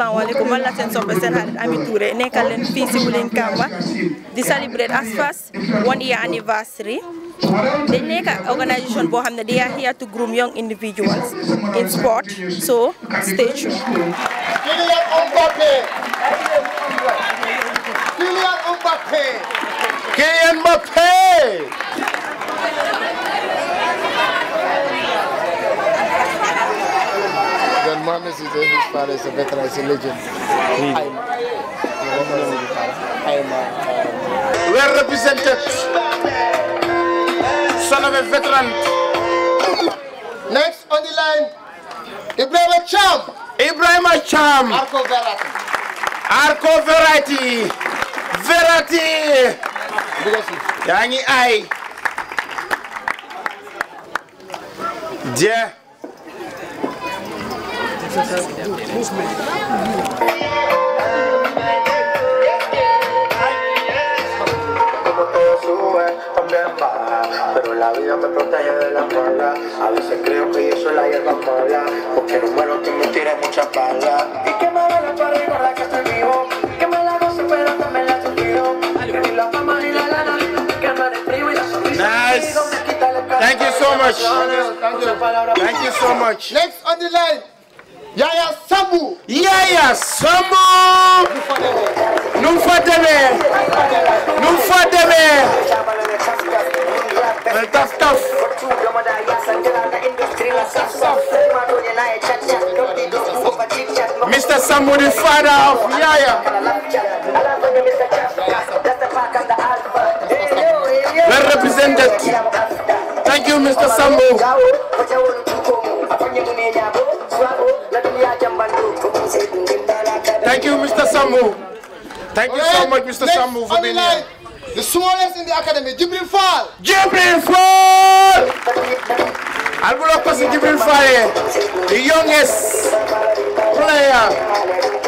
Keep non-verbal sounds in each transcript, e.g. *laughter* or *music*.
asalaamaaleykum alaikum wala sen soppe sen hadi Ami Touré nekkal leen fi si Wuling Kamba di celebrate ASFA's one year anniversary dañ nekk organisation boo xam ne they are here to groom young individuals in sport so stay tuned. Kylian Mbappé Kylian Mbappé Kylian Mbappé And Mohamed hmm. um, represented, son of a veteran. Next on the line, Ibrahima Cham. Ibrahima Cham. Arco Verratti. Arco Yaa ngi ay. Dieu. Como todo sube, también baja, pero la vida me protege de la mala. A veces creo que yo soy la hierba mala, porque no muero que me tire muchas balas. Y que me da la pared con la que estoy vivo, que me la gozo pero también la he sufrido. Que ni la fama ni la lana, que no eres primo y la sonrisa. Nice. Thank you so much. Thank you so much. Next on the line. Yaya Sambu. Yaya Sambu. Nufademe. Nufademe. Taf taf. Mr. Sambu, the father of Yaya. Well represented. Thank you, Mr. Sambu. Thank you, Mr. Samu. Thank you so much, Mr. Samu, for being here. The smallest in the academy, Jibril Fall. Jibril Fall! Albulo Kosi Jibril Fall, the youngest player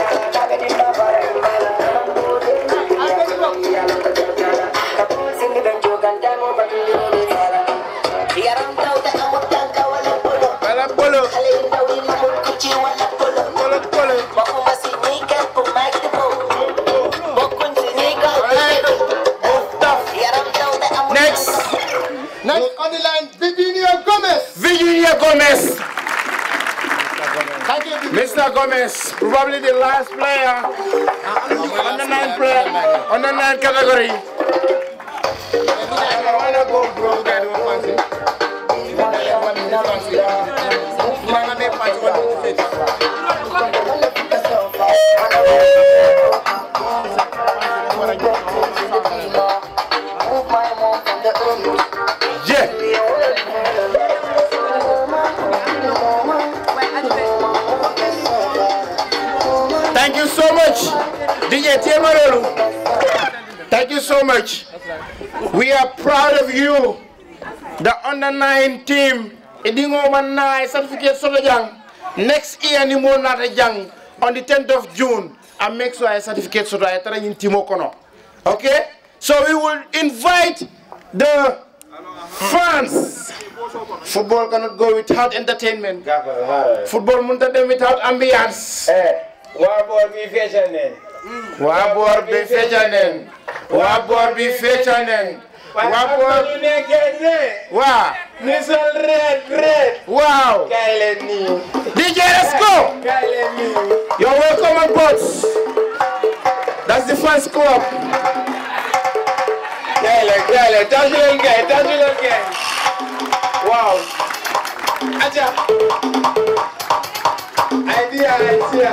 Mr. Gomez. Thank you, Mr. Gomez, probably the last player on the nine player on the nine category. I want Thank you so much. We are proud of you. The under nine team, Idingoman Nai certificate Solajang. Next year, ni mo nata jang on the 10th of June. I make sure I certificate so that I in Timokono. Okay? So we will invite the fans. Football cannot go without entertainment. Football muntah without ambiance. Eh, what about me fashion then? waa boor bi fecca neen waa boor bi fecca neen waa boor bi waa ni sol red red waaw kaay leen nii DJ let's go kaay leen nii you're welcome on board that's the fans club kaay leen kaay leen tàccu leen kaay tàccu leen kaay waaw aja idea idea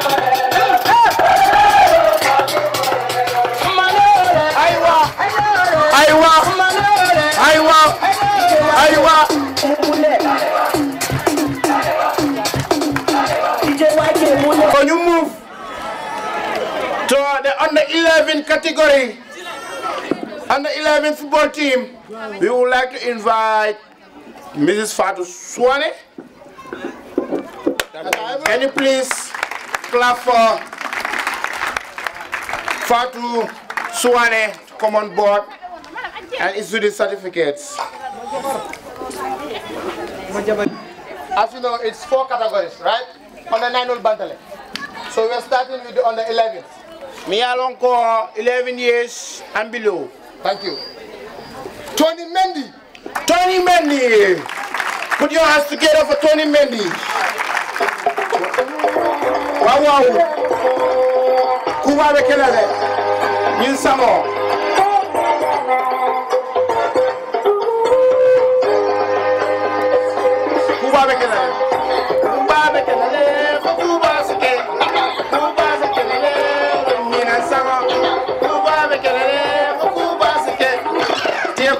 Can you move to the under 11 category? Under 11 football team. We would like to invite Mrs. Fatu Swane. Can you please clap for Fatu Swane to come on board? and issue the certificates. As you know, it's four categories, right? Under 9 old Bantale. So we're starting with the under 11. Me along 11 years and below. Thank you. Tony Mendy. Tony Mendy. Put your hands together for Tony Mendy. Wow, wow. Kuba Bekelele. Nyin Samo.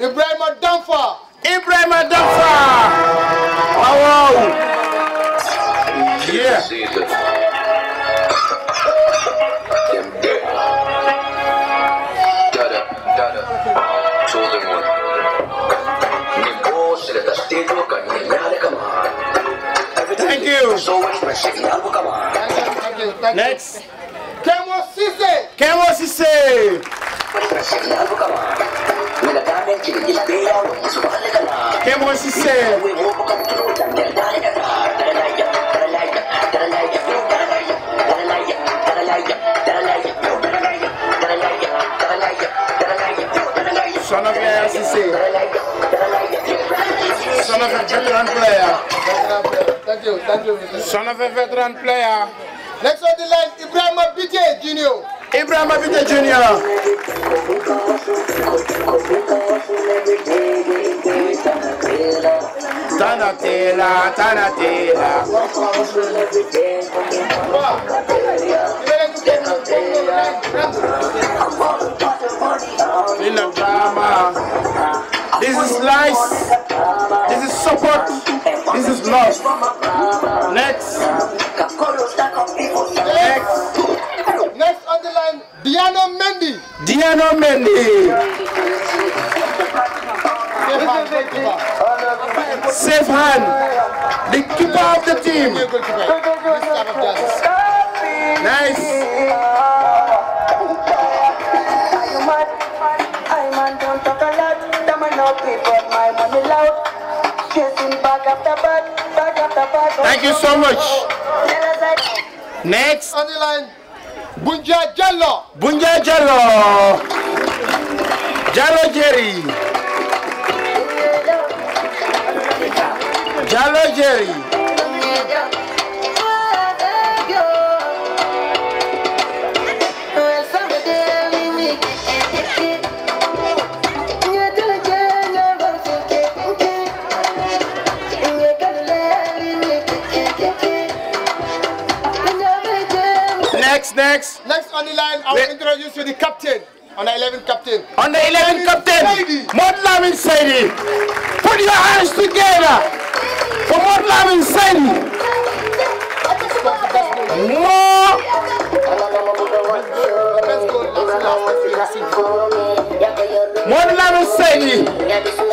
Ibrahim Danfa. Ibrahim Danfa. Wow. wow. Yeah. Thank you. Next. Kemo Sise. Kemo Sise. ¿Qué more she said? Son of your she Son of a veteran player. Thank you, thank you, Son of a veteran player. Next on the line, Ibrahim Abidje Jr. Ibrahim Abidje Jr. Tanatela, Tanatela. In the drama. This is life. This is support. This is love. Next. Next and Diano Mendy. Diano Mendy. Safe hand. The keeper of the team. Nice. Thank you so much. Next. On the line. Bunja Jello, Bunja Jello, Jello Jerry. Jello Jerry. next? Next on the line, I will introduce you the captain. On the 11 captain. On the 11 captain, Modlam Saidi. Put your hands together for Modlam Saidi. Modlam Saidi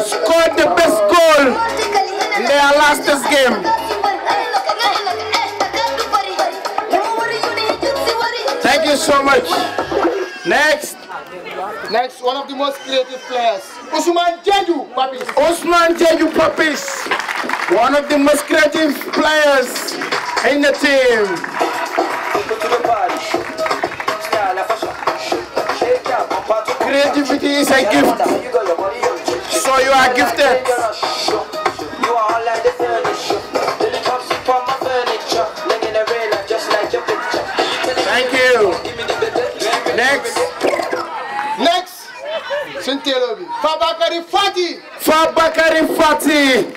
scored the best goal in their last game. you so much. Next. Next, one of the most creative players, Usman Jeju Puppies. Usman Jeju Puppies. One of the most creative players in the team. Creativity is a gift. So you are gifted. Sintelobi. Fabakari Fati. Fabakari Fati.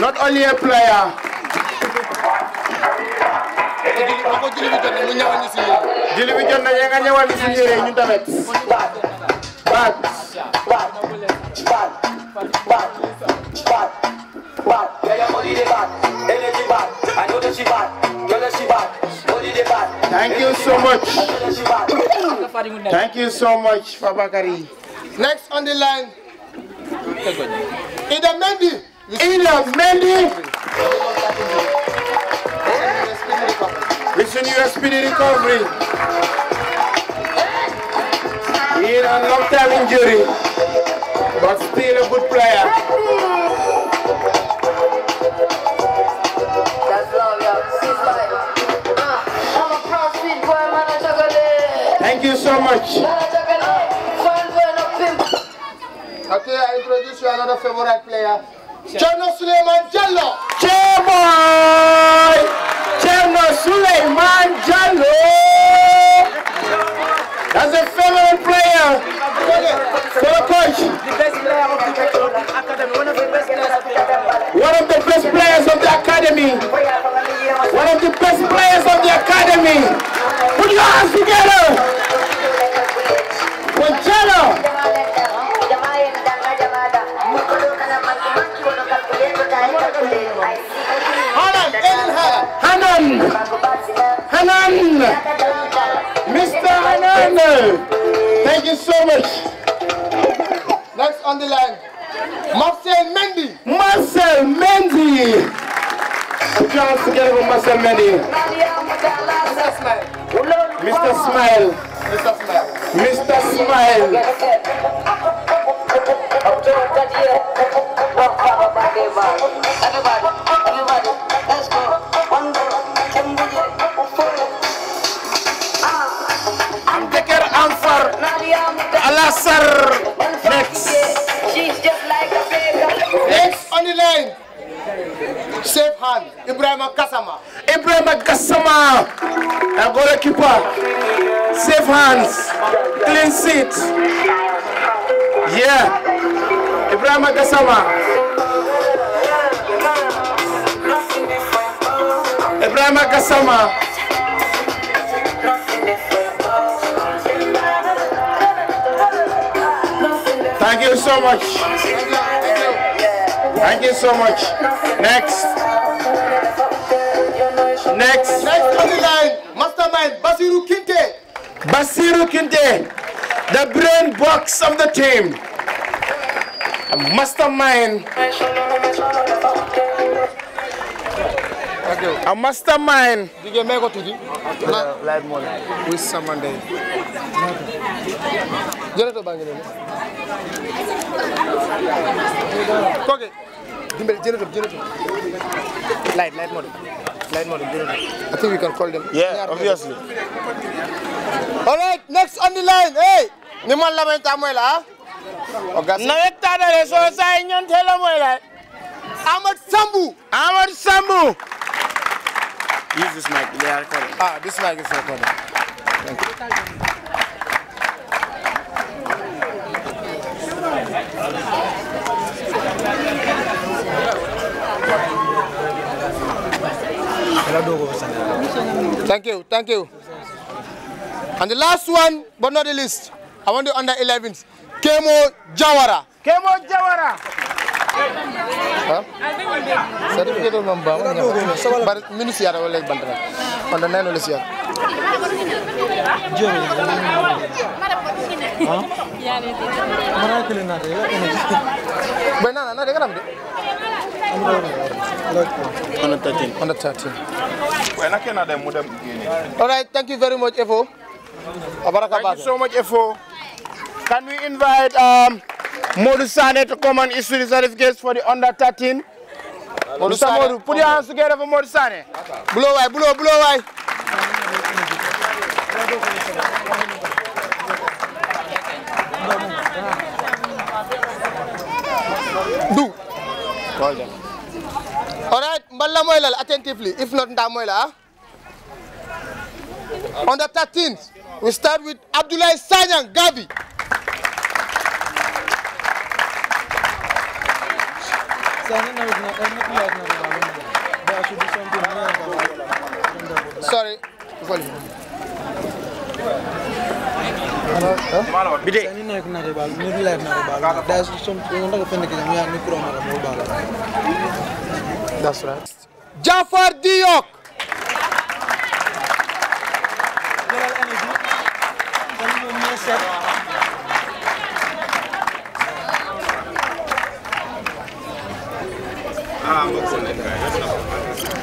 Not only a player. Jili bi jot na ya nga ñëwal ci yéré ñu tamit. Bat. Bat. Bat. Bat. Bat. Bat. Bat. Ya ya mo di bat. Energy bat. I know that she bat. Yo that she bat. Thank you so much. Thank you so much, Fabakari. Next on the line, Ida Mendy. Ida Mendy. Wishing you a speedy recovery. In a long-term injury, but still a good player. Thank you so much. Okay, I introduce you another favorite player. Chano Suleiman Jallo. Cheboy! Chano Suleiman Jallo. That's a favorite player. For the coach. One of the best players of the academy. One of the best players of the academy. Put your hands together. For Jallo. Hanan! Hanan! Mr. Hanan! Thank you so much. Next on the line, Marcel Mendy. Marcel Mendy! A chance to get with Marcel Mendy. Mr. Smile. Mr. Smile. Mr. Smile. Mr. Smile. Mr. Smile. I'm Tekir Amfar Alassar next. She's just like a beggar. Next on the line. Safe hand, Ibrahim Kasama. Ibrahim Kasama, a goalkeeper. Safe hands, clean seat. Yeah, Ibrahim Kasama. Mariama Gassama. Thank you so much. Thank you so much. Next. Next. Next on the line, mastermind Basiru Kinte. Basiru Kinte, the brain box of the team. A mastermind. a mastermind. DJ Meko Tiji. Live morning. With Samande. Jërëjëf baa ngi ne. Koke. Dimbali jërëjëf jërëjëf. Light light morning. Light morning jërëjëf. I think we can call them. Yeah, obviously. All right, next on the line. Hey, ni man la may ta moy la. Ah? Nawet ta dale so say ñon telo moy la. Amad Sambu. Amad Sambu. Use this mic. They call it. Ah, this mic is recording. Thank you. Thank you, thank you. And the last one, but not the least, I want the under 11s. Kemo Jawara. Kemo Jawara. ah certificat moom ba bari minus yaata wala bant na onda nayno de ba right thank you very much efo abaraka thank you so much efo can we invite um Modu Sane to come and issue the certificates for the under 13. Modu put your hands together for Modu Sane. Blow away, blow, blow away. Do. Call them. All right, Mballa Moilal, attentively, if not Ndamoila. Under ah. 13th, we start with Abdullah and Gavi. Sorry. Bide. Sani naik nari bal, nari lain nari bal. That's some. Yang kita kependek kita, ni aku ramai ramai bal. That's right. Jafar Diok. Jalal Energy. Kami mau meset.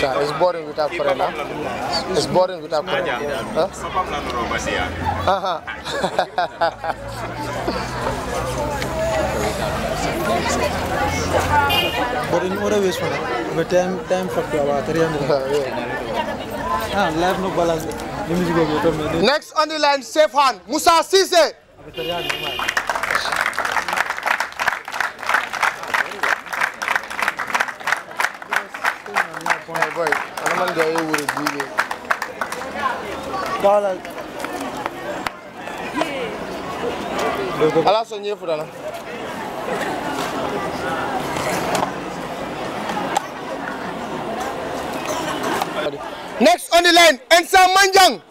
Yeah, it's boring without Corona. It's boring without Corona. Huh? Uh -huh. *laughs* but in other ways, the time time factor about 300. Ah, life no balance. Next on the line, safe hand, Musa Sise. Bala. Ala sonye fudana. Next on the line, Ensa Manjang.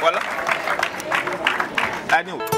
Voilà. Agnew.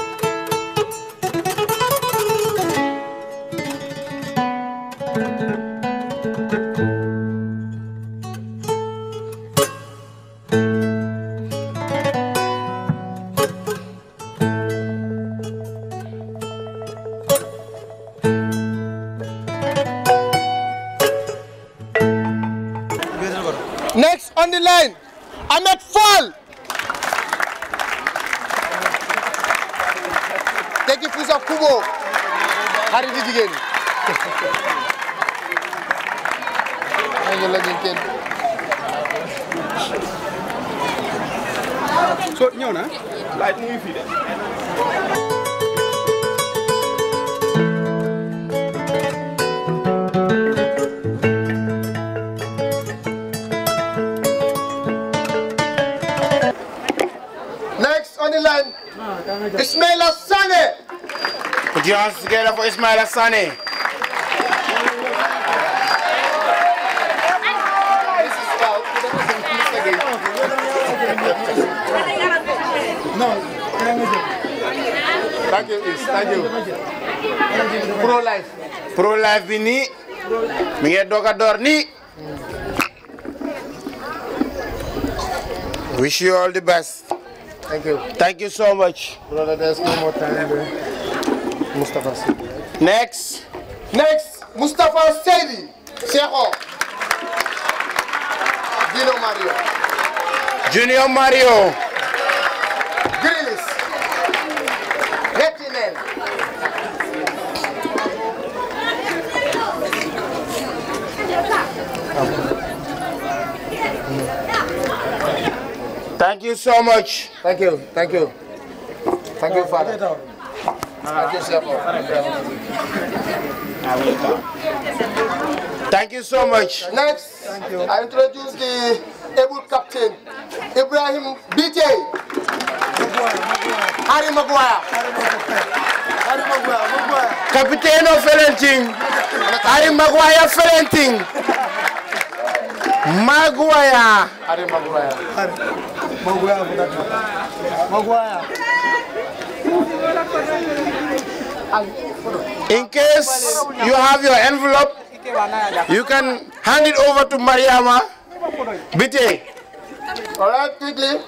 your hands together for Ismail Asani. No. Thank you, Is. Thank you. Pro-life. Pro-life bi nii mi ngi doog a Wish you all the best. Thank you. Thank you so much. Brother, there's no more time. Eh? Mustafa Sidi. Next. Next, Mustafa Sidi. Seho. Dino Mario. Junior Mario. Grillis. Retinel. Thank you so much. Thank you. Thank you. Thank you, Father. Thank you so much. Next, I introduce the able captain, Ibrahim BJ. Harry Maguire. Harry Maguire. Maguire. Captain of Ferenting. Harry Maguire Ferenting. Maguire. Harry Maguire. Maguire. Maguire. In case you have your envelope, you can hand it over to Mariama Bite. All right, quickly.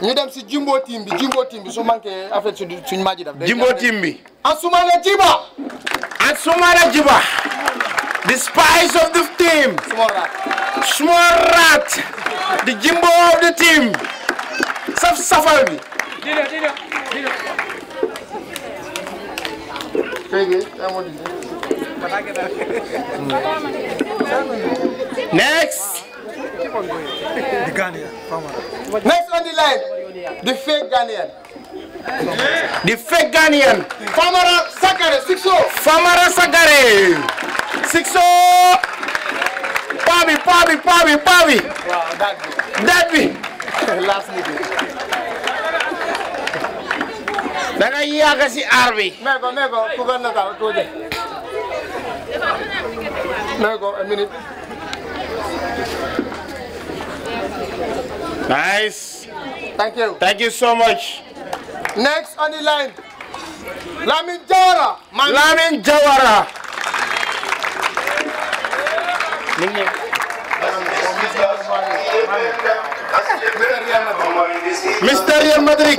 ñu dem si jimbo team jimbo team bi su su suñu maa jimbo team bi. Asumana Jiba. Asumana Jiba. the spice of the team. small rat. small rat. the jimbo of the team. saf safal Next! the Ghanaian. Next on the line, the fake Ghanaian. The fake Ghanaian. Famara Sakare, 6-0. Famara Sakare, 6-0. Pabi, Pabi, Pabi. Pavi. Wow, that be. That be. *laughs* Last meeting da nga yàgg si aar bi. mais ko mais ko tuuti na taal tuuti. mais ko minute. Nice. Thank you. Thank you so much. Next on the line, Lamin Jawara. Lamin Jawara. Mr. Real Madrid.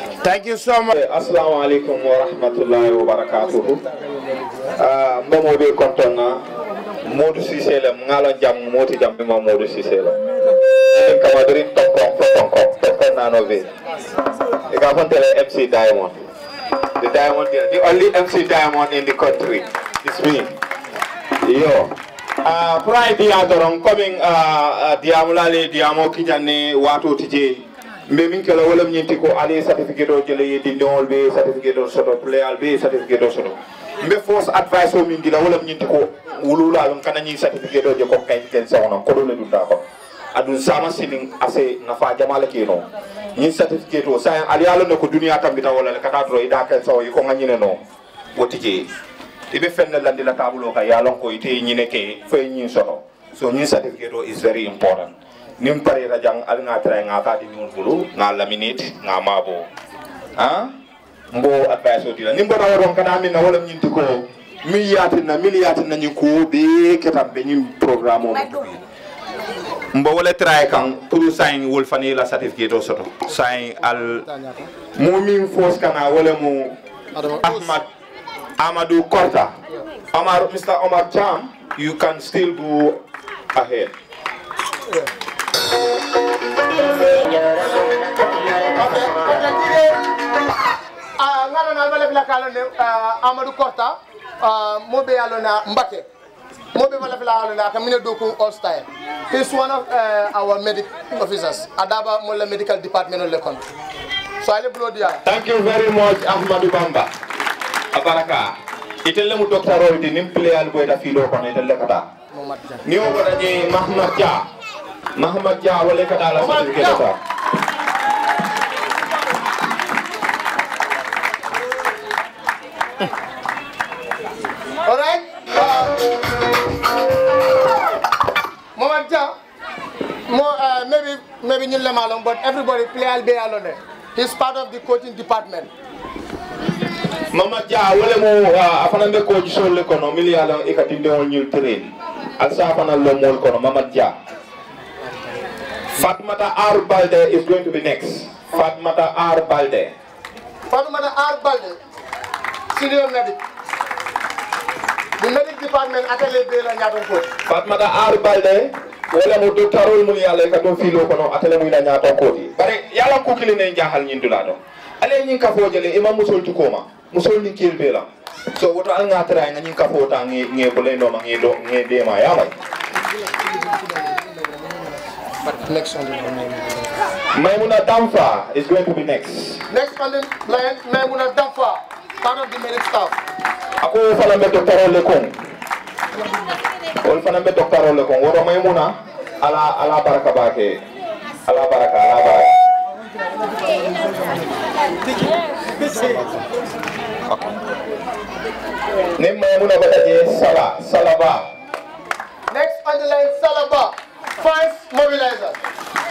Thank you so much. Assalamu alaikum wa rahmatullahi wa barakatuhu. Uh, ah, Mbomo be kontona Modou Cissé le ngalo jam moti jam be Modou Cissé le. En kamadri tokkon tokkon tokkon nano be. E ka fontele MC Diamond. The Diamond the only MC Diamond in the country. It's me. Yo. Uh, Pride Diadoron coming uh, ah, uh, Diamulale Diamo kijani Watu Tijee mbe min kala wala ñinti ko ali certificate o jele yedi ndewol be certificate o soto playal be certificate o soto mbe force advice o min gila wala ñinti ko wululaɓe kana ñi certificate o je ko kay ken sewno koɗo le dunda ko aɗum sama sinin ase nafa jamala keno ñin certificate o sa ali ala ne ko duniya tambita wala le kata toro ida ken sawo ko gañine no woti je ibe fenne landila tabulo ka yalon ko ite ñine ke foye ñin soto so ñin certificate o is very important nim pare ra jang al nga tra nga ka di mun bulu nga laminate nga mabo ha mbo advice o dila nimbo rawo ron kana min na wala min ko mi yatina mi yatina ni ko be ketam be ni programme o mbo wala tra kan pour sain wol fani la certificate soto sain al mumin fos kana wala mu ahmad amadou korta omar mr omar cham you can still go ahead yeah. kalane ah, uh, ah, amadou korta uh, ah, moɓe alona mbake moɓe walla fela alona ka mine dow kon all style he's one of uh, our medic officers adaba molla medical department o lekkon so ale blodiya thank you very much ahmadou bamba a baraka itelle mu docteur oydi nim pleyal boyta fiiɗo kono itelle kota ni o waɗañi mahmad dia Muhammad Yao will get our certificate. Sir. All right. Muhammad Yao. Eh. Uh, uh, maybe maybe Nile alone, but everybody play Alone. He's part of the coaching department. Mama uh, Dia mo afana coach so kono mili ala ikati de on Asa kono Mama Fatmata R. Balde is going to be next. Fatmata R. Balde. Fatmata R. Balde, senior medic. The medic department atele bela nyaton ko. Fatmata R. Balde, wala mo do tarol mun yalla ka do filo kono atele mu ina nyaton ko di. Bare yalla ko kili ne jahal nyin dula do. Ale nyin ka fo jele imam musul tu koma. Musul ni kil bela. So woto al ngatara nyin ka fo ta ngi ngi bulendo ma ngi do ngi de ma yamay next on the Maimuna Damfa is going to be next. Next on the line, Maimuna Damfa, part of the medic staff. Ako fana me Dr. Olekon. Ol fana me Dr. Olekon. Woro Maimuna ala ala baraka bake. Ala baraka ala baraka. Ni Maimuna bata je sala salaba. Next on the line salaba. fans mobilisers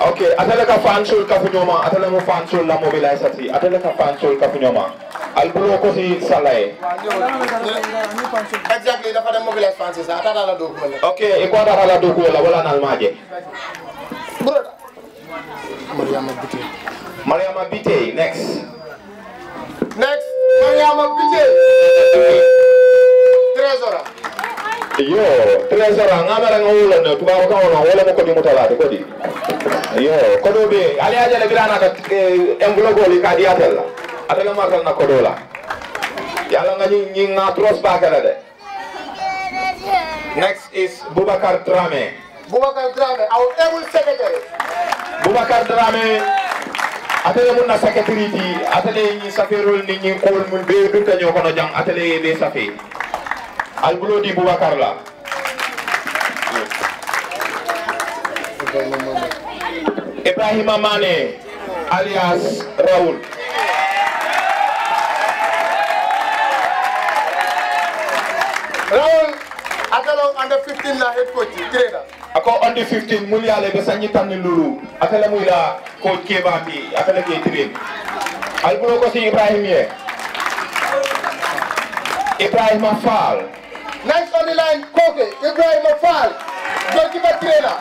ok atele ka fansul kafu ñoma atele mo fansul la mobilisati atele ka fansul ma ñoma albulo ko si salaye exactly dafa dem mobilise fansi sa atata la doku wala ok e ko atata la doku wala wala nal maje mariama bite mariama bite next next mariama bite trésora yo trésor nga mara nga wula no tuba ko ono yo ko do be ali aja le grana ka eh, envelope li ka di atel la atel ma de next is Bubakar Dramé Bubakar Dramé our eh, able secretary Bubakar Dramé atele muna na ti atele ñi safari ni ñi ko mun be dutta ñoko no jang atele be safé Alboulodi Boubacar la Ibrahim Amane alias Raoul Raoul akalaw under 15 la head coach trainer ako under 15 mulyale be sanyi tan lulu akala la coach keba bi akala ke train albulo ko si Ibrahim ye Ibrahim Afal. Next on the line, Koke Ibrahima Afal, goalkeeper trainer.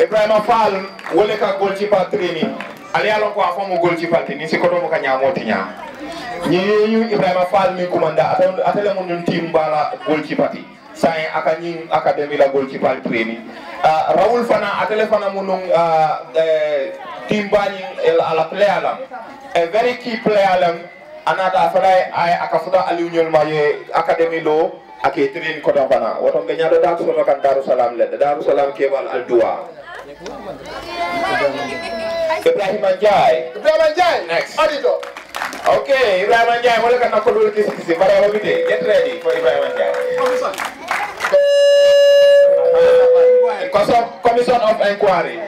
Ibrahima Fall wole ka goalkeeper training. Ali alo ko afo mo goalkeeper training si kodo mo ka nyamo tinya. Nyi Ibrahima Fall mi kumanda. atele mo ndun team bala goalkeeper ti. Sai aka akademi academy la goalkeeper training. Ah, Raul Raoul fana atele fana mo timbani ala player lam. A very key player lam anata fana ay akafuda aliou ñol maye academy lo ak trin ko do bana woto be nyaado da so kan daru salam le daru salam ke wal al dua Ibrahim Anjay Ibrahim Anjay next adito okay Ibrahim Anjay le kan ko dul kisi kisi bare wa bité get ready for Ibrahim Anjay Commission of Inquiry.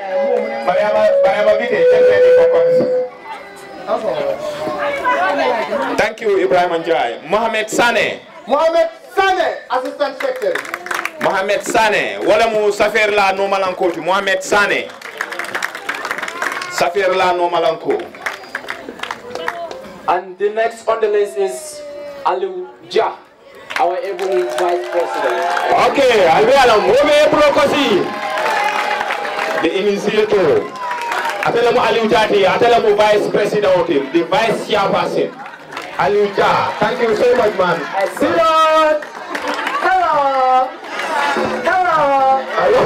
bare Mariama bité get ready for commission. Thank you, Ibrahim Anjai. Mohamed Sane. Mohamed Sane, Assistant Secretary. Mohamed Sane. Wala mu la no malankoti. Mohamed Sane. Safir la no malanko. And the next on the list is Alu Jah, our able vice president. Okay, Alwe Alam, Move Prokosi, the initiator atele mo Aliou Dia tey atele mo vice president of him, the vice chairperson Aliou Dia thank you so much man. Siron hello hello.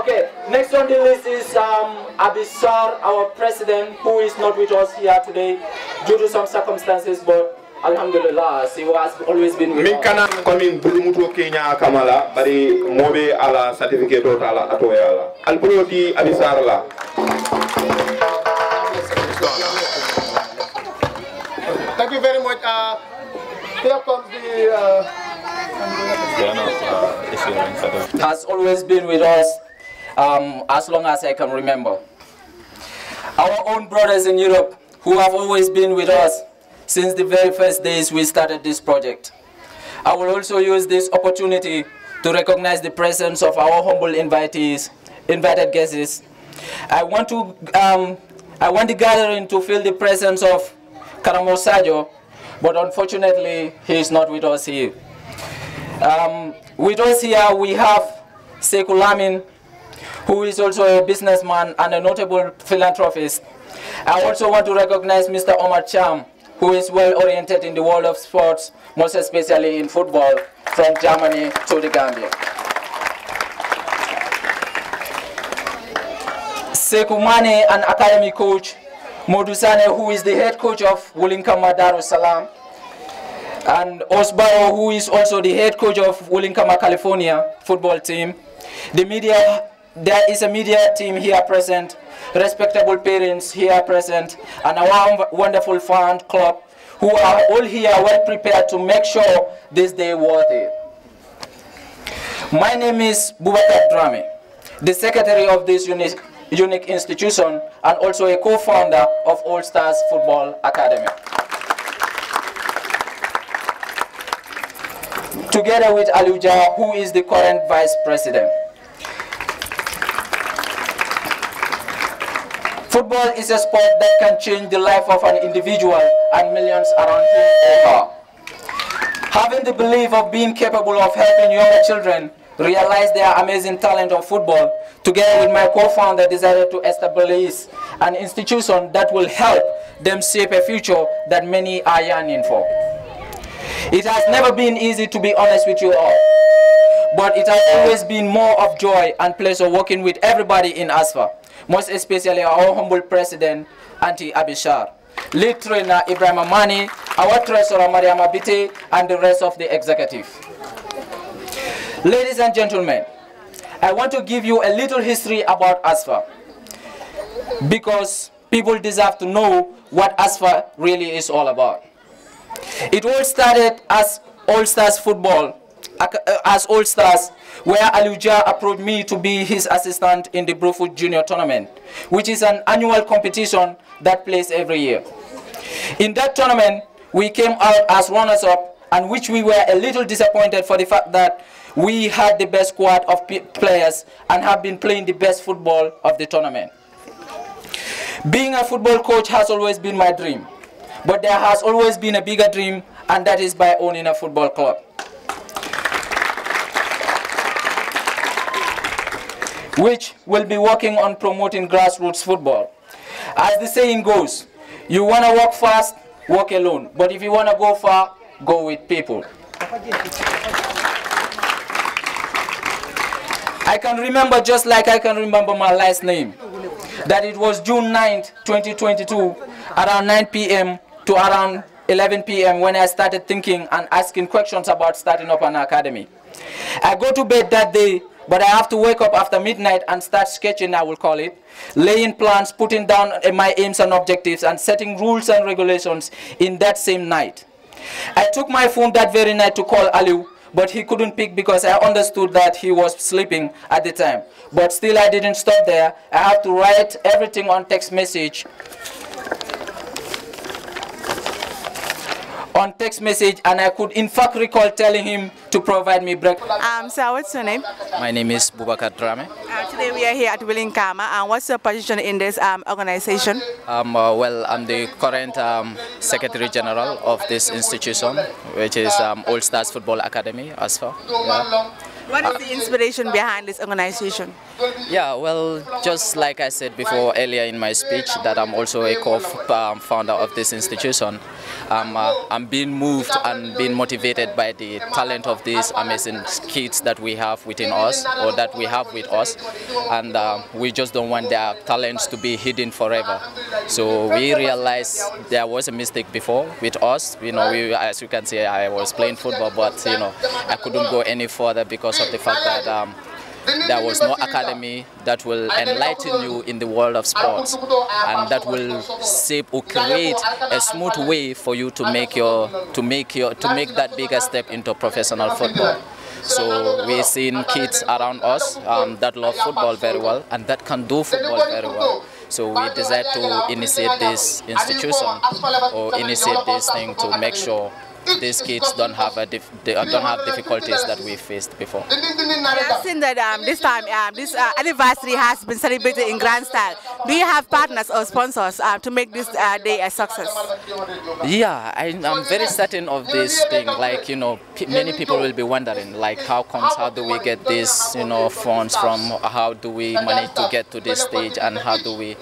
okay next on the list is um, Abisar our president who is not with us here today due to some circumstances but alhamdulillah she has always been with min kana komin bulumuto Kenya, kamala bari moɓe ala certificate o tala atoya ala alboloti abisar la thank you very much uh, here comes the uh, has always been with us um, as long as I can remember. Our own brothers in Europe who have always been with us since the very first days we started this project. I will also use this opportunity to recognize the presence of our humble invitees, invited guests. I want, to, um, I want the gathering to feel the presence of Karamo Sajo, but unfortunately, he is not with us here. Um, with us here, we have Sekou Lamin, who is also a businessman and a notable philanthropist. I also want to recognize Mr. Omar Cham, who is well oriented in the world of sports, most especially in football, from Germany to the Gambia. Sekumane, an academy coach, Modusane, who is the head coach of Wulinkama Dar and Osbaro, who is also the head coach of Wulinkama, California football team. The media, there is a media team here present respectable parents here present, and our wonderful fan club who are all here well prepared to make sure this day worthy. My name is Bubakar Drame, the secretary of this unique, unique institution and also a co-founder of All Stars Football Academy. Together with Aluja, who is the current vice president. Football is a sport that can change the life of an individual and millions around him or her. Having the belief of being capable of helping your children realize their amazing talent of football, together with my co-founder decided to establish an institution that will help them shape a future that many are yearning for. It has never been easy to be honest with you all, but it has always been more of joy and pleasure working with everybody in ASFA most especially our humble president, Anti Abishar. Lead trainer Ibrahim Amani, our treasurer Mariam Abiti, and the rest of the executive. Ladies and gentlemen, I want to give you a little history about ASFA because people deserve to know what ASFA really is all about. It all started as All Stars Football uh, as All Stars, where Aluja approached me to be his assistant in the Brofoot Junior Tournament, which is an annual competition that plays every year. In that tournament, we came out as runners-up and which we were a little disappointed for the fact that we had the best squad of players and have been playing the best football of the tournament. Being a football coach has always been my dream, but there has always been a bigger dream, and that is by owning a football club. which will be working on promoting grassroots football. As the saying goes, you want to walk fast, walk alone. But if you want to go far, go with people. I can remember just like I can remember my last name, that it was June 9th, 2022, around 9 p.m. to around 11 p.m. when I started thinking and asking questions about starting up an academy. I go to bed that day but I have to wake up after midnight and start sketching, I will call it, laying plans, putting down my aims and objectives, and setting rules and regulations in that same night. I took my phone that very night to call Aliu, but he couldn't pick because I understood that he was sleeping at the time. But still, I didn't stop there. I have to write everything on text message on text message and I could in fact recall telling him to provide me breakfast. Um, sir, what's your name? My name is Bubakar Drame. Uh, today we are here at Kama, and uh, what's your position in this um, organization? Um, uh, well, I'm the current um, Secretary General of this institution, which is um, All Stars Football Academy as far. Yeah. What is the inspiration behind this organization? Yeah, well, just like I said before earlier in my speech, that I'm also a co-founder of this institution. uh, I'm being moved and being motivated by the talent of these amazing kids that we have within us, or that we have with us, and uh, we just don't want their talents to be hidden forever. So we realized there was a mistake before with us. You know, we, as you can see, I was playing football, but you know, I couldn't go any further because of the fact that um, there was no academy that will enlighten you in the world of sports and that will shape or create a smooth way for you to make your to make your to make that bigger step into professional football. So we have seen kids around us um, that love football very well and that can do football very well. So we decided to initiate this institution or initiate this thing to make sure these kids don't have a don't have difficulties that we faced before. We have seen that um, this time um, this uh, anniversary has been celebrated in grand style. Do you have partners or sponsors uh, to make this uh, day a success? Yeah, I, am very certain of this thing. Like you know, many people will be wondering, like how comes, how do we get this, you know, funds from? How do we manage to get to this stage, and how do we?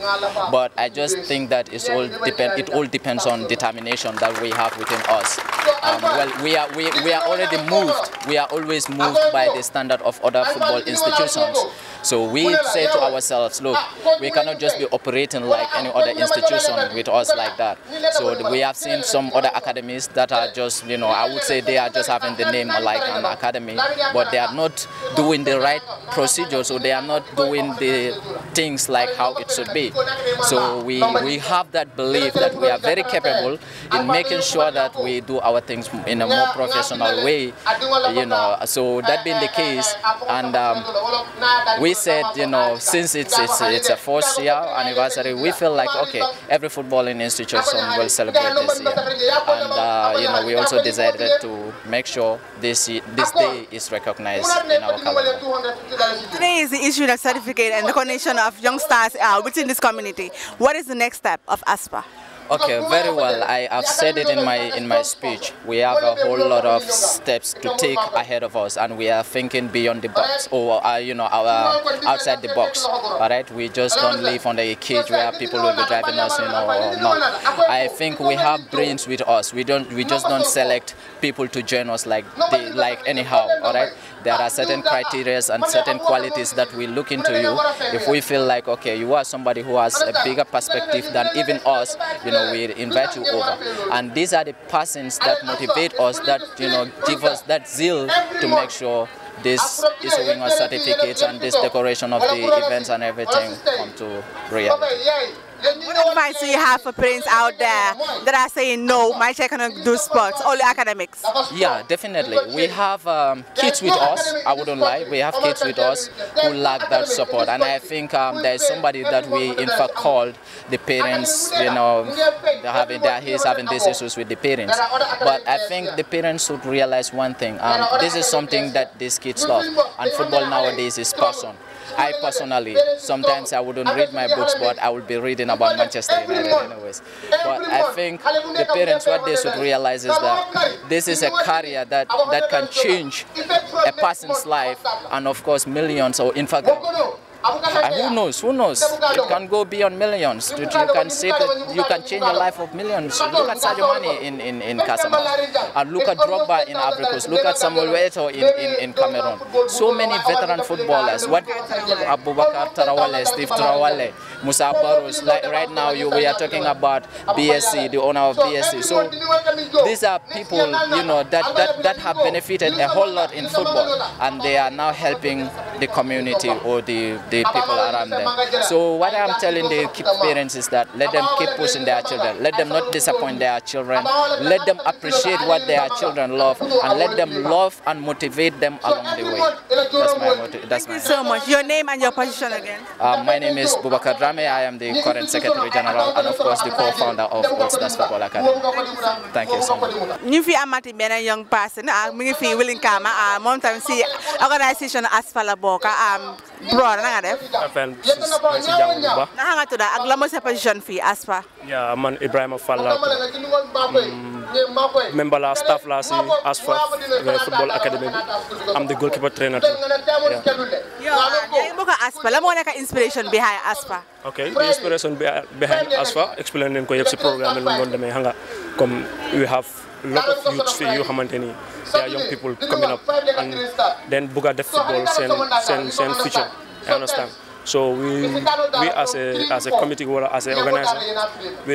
But I just think that it's all depend. It all depends on determination that we have within us. Um, well, we are, we, we are already moved. We are always moved by the standard of other football institutions. So we say to ourselves, look, ah, we cannot just be operating like any other institution with us like that. So we have seen some other academies that are just, you know, I would say they are just having the name like an academy, but they are not doing the right procedure, so they are not doing the things like how it should be. So we, we have that belief that we are very capable in making sure that we do our our things in a more professional way, you know. So that being the eh, eh, eh, case, and um, we said, you know, since it's it's it's a fourth year anniversary, we feel like okay, every footballing institution will celebrate this year, and uh, you know, we also decided to make sure this this day is recognized in our calendar. Today is the issue of certificate and recognition of young stars uh, within this community. What is the next step of ASPA? Okay, very well. I have said it in my in my speech. We have a whole lot of steps to take ahead of us, and we are thinking beyond the box, or uh, you know, our outside the box. All right, we just don't live under a cage where people will be driving us, you know, or not. I think we have brains with us. We don't. We just don't select people to join us like they, like anyhow. All right there are certain criteria and certain qualities that we look into you. If we feel like, okay, you are somebody who has a bigger perspective than even us, you know, we invite you over. And these are the persons that motivate us, that, you know, give us that zeal to make sure this issuing winner certificates and this decoration of the events and everything come to reality. What advice do you have for parents out there that are saying no, my child cannot do sports, only academics? Yeah, definitely. Um, we have um, kids with us, I wouldn't lie, we have kids with us who lack that support. And I think um, there is somebody that we in fact called the parents, you know, they're having, they're, he's having these issues with the parents. But I think the parents should realize one thing, um, this is something that these kids love. And football nowadays is passion. I personally, sometimes I wouldn't read my books, but I would be reading about Manchester United anyways. But I think the parents, what they should realize is that this is a career that, that can change a person's life and of course millions or in fact and who knows? Who knows? It can go beyond millions. You can say that you can change the life of millions. Look at Sadio Mane in, in, in Casamance. And look at Drogba in Africa. Look at Samuel Weto in, in, in Cameroon. So many veteran footballers. What Abubakar Tarawale, Steve Tarawale, Musa Barros. Like right now, you, we are talking about BSC, the owner of BSC. So these are people, you know, that, that, that have benefited a whole lot in football. And they are now helping the community or the, the the people around them. So what I'm telling the parents is that let them keep pushing their children. Let them not disappoint their children. Let them appreciate what their children love and let them love and motivate them along the way. That's my motive. That's Thank my you so much. Your name and your position again? Uh, my name is Bubakar Drame. I am the current Secretary General and of course the co-founder of All Stars Football Academy. Thank you so much. ñu fi amati young person ah, mi Willing Kama ah, moom tam organisation ASFA la bokk ah, broad na nga def nah, si jàng bu baax naka nga tudda ak la mooy sa position fii ASPA Ya, man Ibrahima Fall member la staff la si ASPA football academy bi am goalkeeper trainer yow mbokk ASPA la moo nekk inspiration behind ASPA ok inspiration inspiration behind ASPA explain nañ ko yëpp si programme lu doon demee xam nga comme we have lot of youth for you Hamanteni. They are young people coming up and then Buga Def football send send send future. I understand. So we, we as a, as a committee wala as a organizer we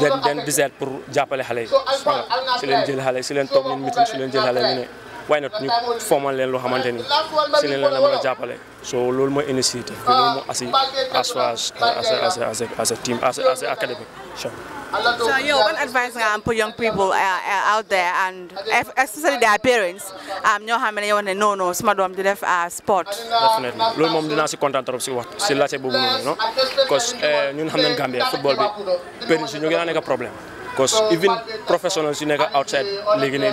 then then decide for pour jàppale xale yi voilà si leen meeting si leen jël Why not? ne formal leen loo xamante ni so loolu mooy initiative loolu as far as as a team as an academy sure. So you know, what advice can um, put young people uh, uh, out there, and if, especially their parents, um, ne yow ne non non doom di def uh, sport. definitely loolu moom dinaa si kontaan trop si waxtu si laajte boobu noonu non parce que ñun xam nañu Gambia football bi parents yi ñu gën a nekk problème. because even eh, professionals yu nekk eh, outside eh, léegi ne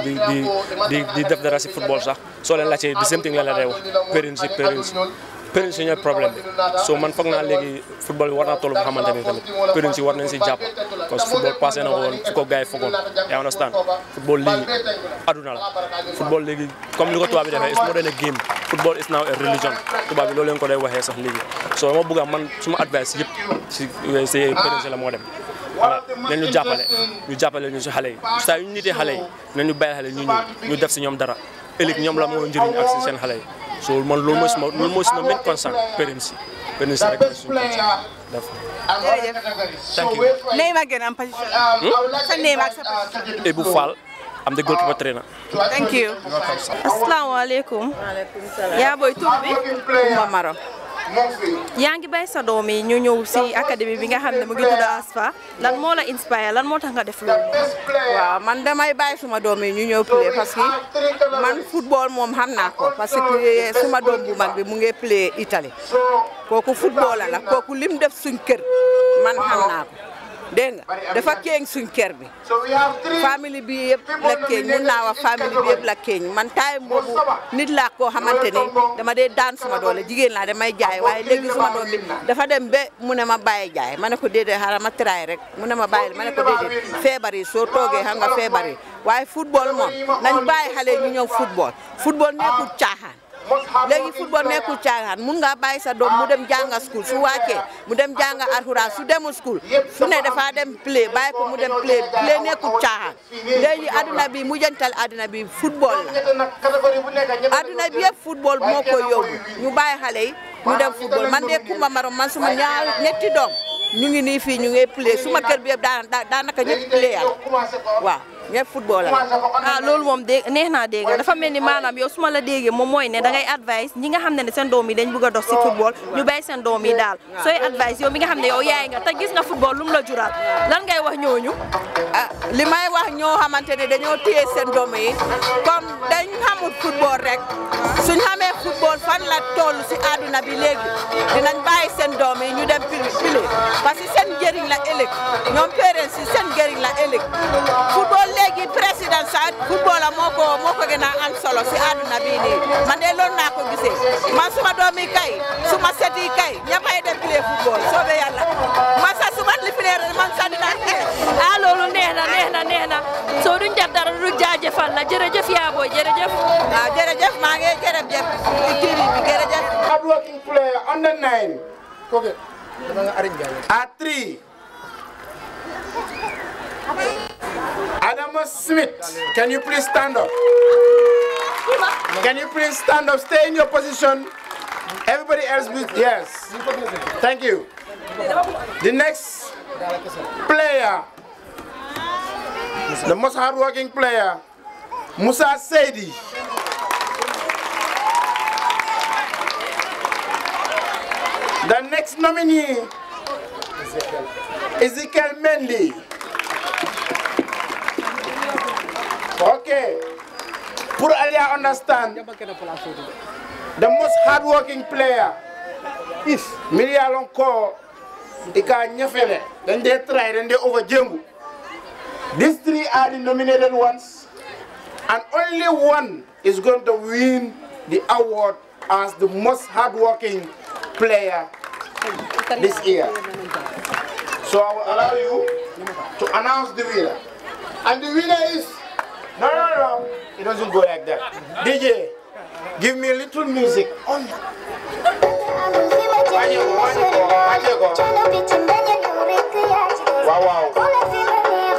di di dara si football sax soo leen laajte the same thing la lay wax parents yi pérenniser problème bi so man foog na léegi football bi war naa toll bu xamante ni tamit pérenniser war nañ si jàpp parce football passé na ko woon fu ko gars yi foogoon football league aduna la football léegi comme ni ko tubaab bi defee is more game football is now a religion tubaab bi loolu leen ko day waxee sax léegi so dama bëgg man suma advice yëpp si si pérenniser la moo dem voilà nañ ñu jàppale ñu jàppale ñu si xale yi saa yu ñu nitee xale yi nañ ñu bàyyi ñu ñu def si ñoom dara ëllëg ñoom la moo njëriñ ak si seen xale yi so man loolu mooy suma loolu mooy suma main concern périm si périm si rek name again and position. Hmm? What's your name? Ebu Fal. I'm the goalkeeper uh, trainer. Thank you. Assalamu alaikum. Ya boy, tu bi? Umba Maro. yaa ngi bay sa doom yi ñu ñëw si académie bi nga xam ne mu ngi tudd ASFA lan moo la inspire lan moo tax nga def la waaw man damay bàyyi suma doom yi ñu ñëw play parce que man football moom xam naa ko parce que suma doom bu mag bi mu ngi play Italie kooku football la kooku lim def suñ kër man xam naa dégg nga dafa keeñ suñ ker bi famille bi yëpp la keeñ mun naa wax famille bi yëpp la keeñ man taay boobu nit laa koo xamante ni dama dee daan ma doole jigéen laa damay jaay waaye léegi ma doom dafa dem ba mu ne ma bàyyi jaay ma ne ko déedéet xaaral ma tiraay rek mu ne ma bàyyi ma ne ko déedéet feebar yi soo toogee xam nga feebar yi waaye football moom nañ bàyyi xale ñu ñëw football football nekkul ah. caaxaan léegi football nekkul caaxaan mun nga bàyyi sa doom mu dem jànga school su wàccee mu dem jànga alxuraan su demul school su ne dafaa dem play bàyyi ko mu dem play play nekkul caaxaan léegi adduna bi mu jëntal adduna bi football la adduna bi yëpp football moo ko yóbbu ñu bàyyi xale mu dem football man de Kumba Marom man suma ñaar ñetti doom ñu ngi nii fii ñu ngi su ma kër bi yëpp daanaka ñëpp play yàlla waaw ñëpp football ah, loolu moom dé neex naa dégg dafa mel ni maanaam yow su ma la déegee moom mooy ne da ngay advice ñi nga xam ne ne seen doom dañ bëgg a dox si football ñu bàyyi seen doom yi daal sooy advice yow mi nga xam ne yow yaay nga te gis nga football lu mu la juraat lan ngay wax ñooñu. a ah, li may wax ñoo xamante ne dañoo téye seen doom yi comme dañ xamul football rek suñ xamee football fan la toll si na bi léegi dinañ bàyyi seen doom yi ñu dem pili parce que seen njëriñ la ëllëg ñoom parents si la ëllëg football léegi président sa football moo ko moo ko gën a am solo si àdduna bii nii man loolu naa ko gisee man suma doom yi suma set yi kay ñëppay dem play soobee yàlla man sax suma lifinee man sax dinaa *laughs* ah loolu neex na neex na neex na soo duñ dara du jaajëfal la jërëjëf yaa booy jërëjëf waaw ah, jërëjëf maa ngi jërëjëf TV bi jërëjëf Adamus Smith, can you please stand up? Can you please stand up? Stay in your position. Everybody else, with, yes. Thank you. The next player, the most hardworking player, Musa Sedi. The next nominee, Ezekiel Mendy. Okay. Pour Alia understand, the most hardworking player is Milia Lonko Ika Nyefele. Then they try, then they overjump. These three are the nominated ones, and only one is going to win the award as the most hardworking player this year. So I will allow you to announce the winner. And the winner is no, no, no. It doesn't go like that. DJ, give me a little music. On. Wow, wow.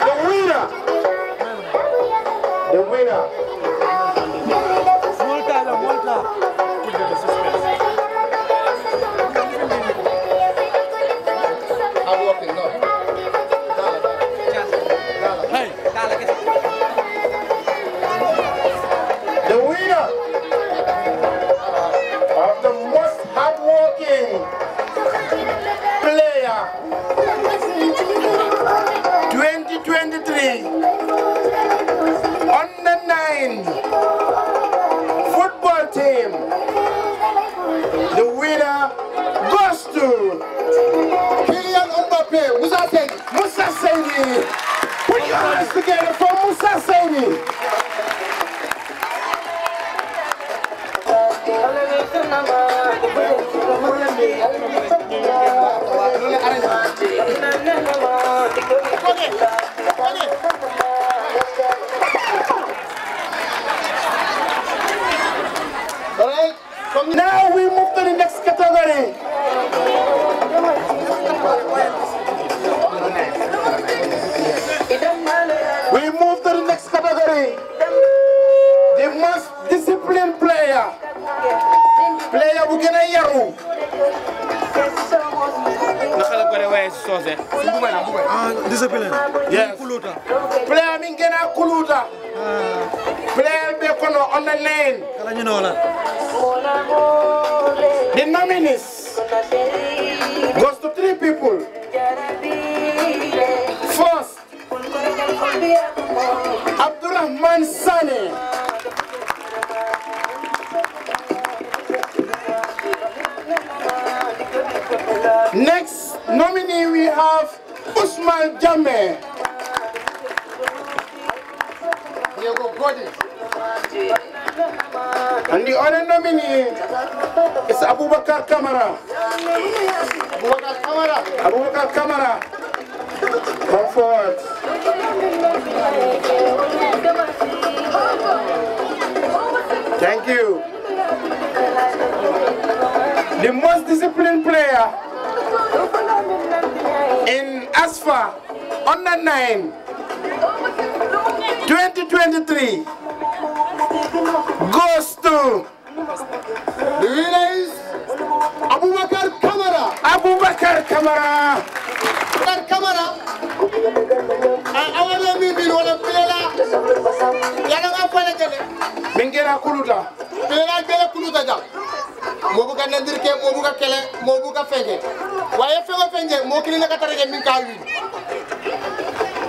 The winner. The winner. together for Musa Saini. Okay. Okay. Ah, discipline. Yes. Kuluta. Player mingena kuluta. Uh, ah. be kono on the lane. Kala ñu no The nominees goes to three people. First, Abdurrahman Sane. Next nominee we have Ousmane Diame. Diego Godes. And the other nominee is Abubakar Kamara. Abubakar Kamara. Abubakar Kamara. Come forward. Thank you. The most disciplined player in ASFA under 9 2023 goes to the winner is Abubakar Kamara. Abubakar Kamara. Abubakar Kamara. Awala mi bin wala bela. Yaga ma fana kele. Mingera kuluta. Bela bela kuluta ja nandir ke kele fenge waye fenge mo kini na katare ke min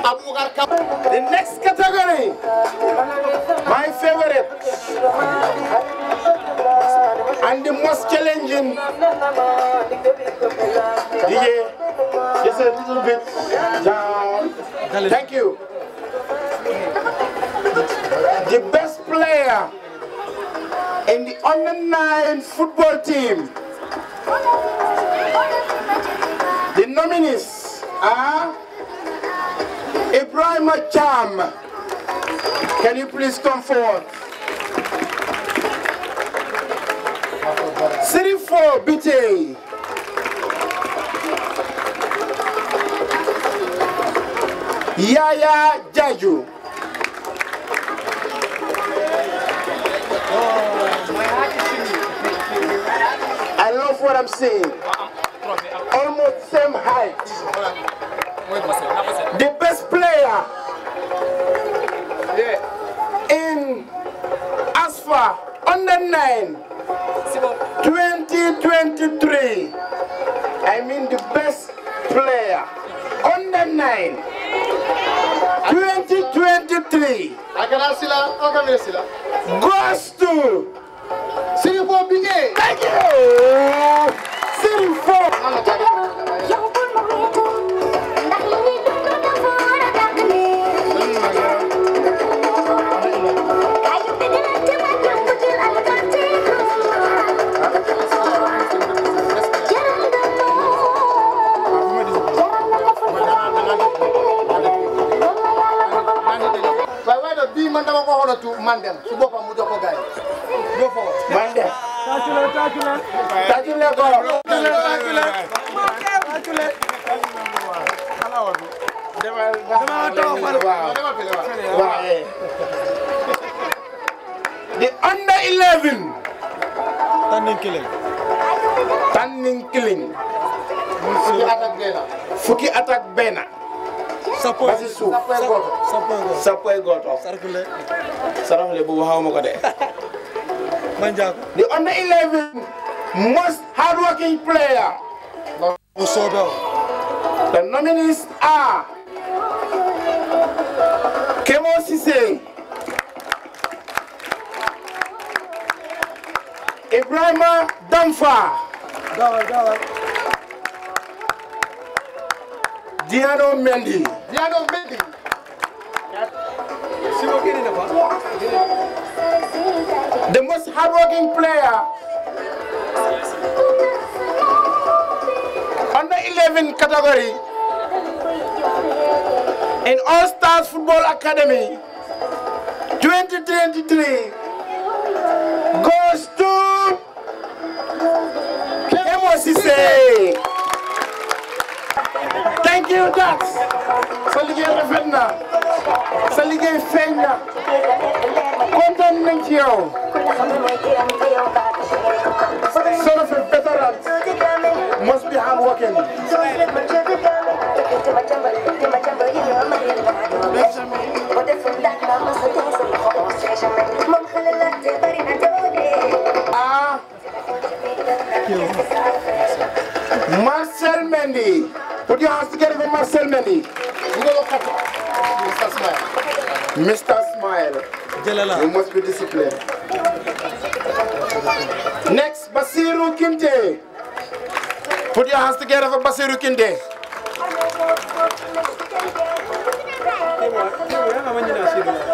Abubakar The next category, my favorite, and the most challenging. DJ, just a little bit down. Thank you. The best player and the under nine football team. The nominees are Ibrahim Cham. Can you please come forward? City 4 BTA. Yaya Jaju. what I'm saying. Almost same height. The best player in ASFA under 9 2023. I mean the best player under 9 2023. Goes to suuf sappo e goto sarafle bobo hawma ko de manjako the under 11 most hardworking player the nominees are Kemo Sise Ibrahima Damfa Diano Mendy The most hardworking player under 11 category in All Stars Football Academy 2023 goes to Kemo thank you Dax sa liggéey rafet na sa liggéey feeñ na kontaan of a veteran must be hard working ah Mendy. Put your hands together for Marcel Mendy. Mr. Smile. Mr. Smile. You must be disciplined. Next, Basiru Kinte. Put your hands together for Basiru Kinte.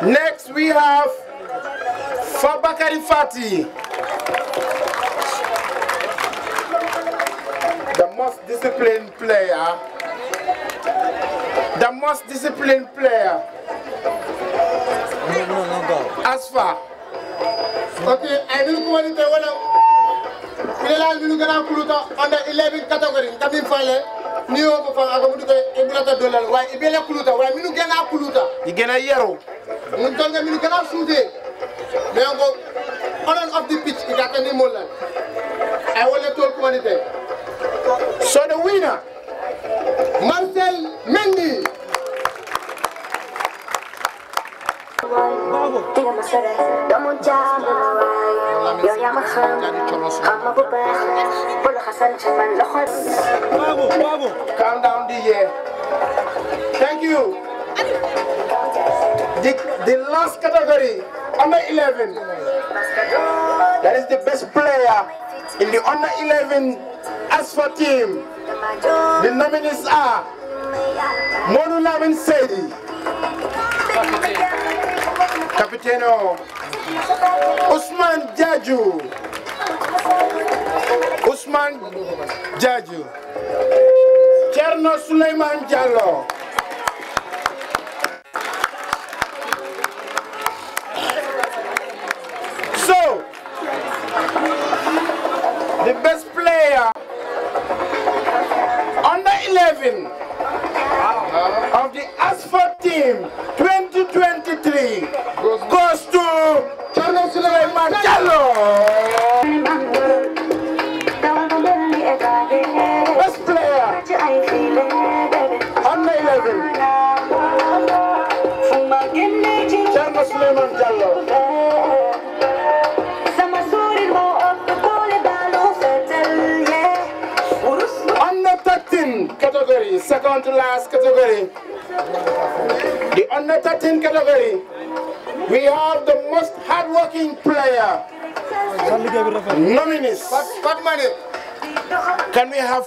Next, we have Fabakari Fati. most disciplined player, the most disciplined player, no, no, no, no. as far. Okay, I will come and tell you. Pilala will going to kuluta under 11 category. Tabi file. Niyo pa pang ako dito ibulata dollar. Why ibela kuluta? Why minu gana kuluta? Igena yero. Muntong minu gana sude. Mayango on and off the pitch. Ikatani molan. I will let you come and tell. So the winner, Marcel Mendy. Calm down, DJ. Thank you. The, the last category, under 11. That is the best player in the under 11 as for team, the nominees are Monu Lamin Sedi, Capitano Usman Jaju, Usman Jaju, Cherno Suleiman Jallo,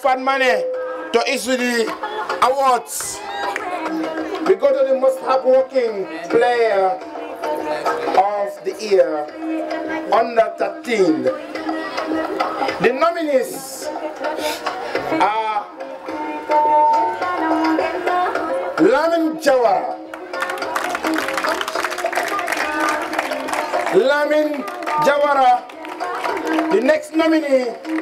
fan money to issue the awards. We go to the most hardworking player of the year, under 13. The nominees are Lamin Jawara, Lamin Jawara, the next nominee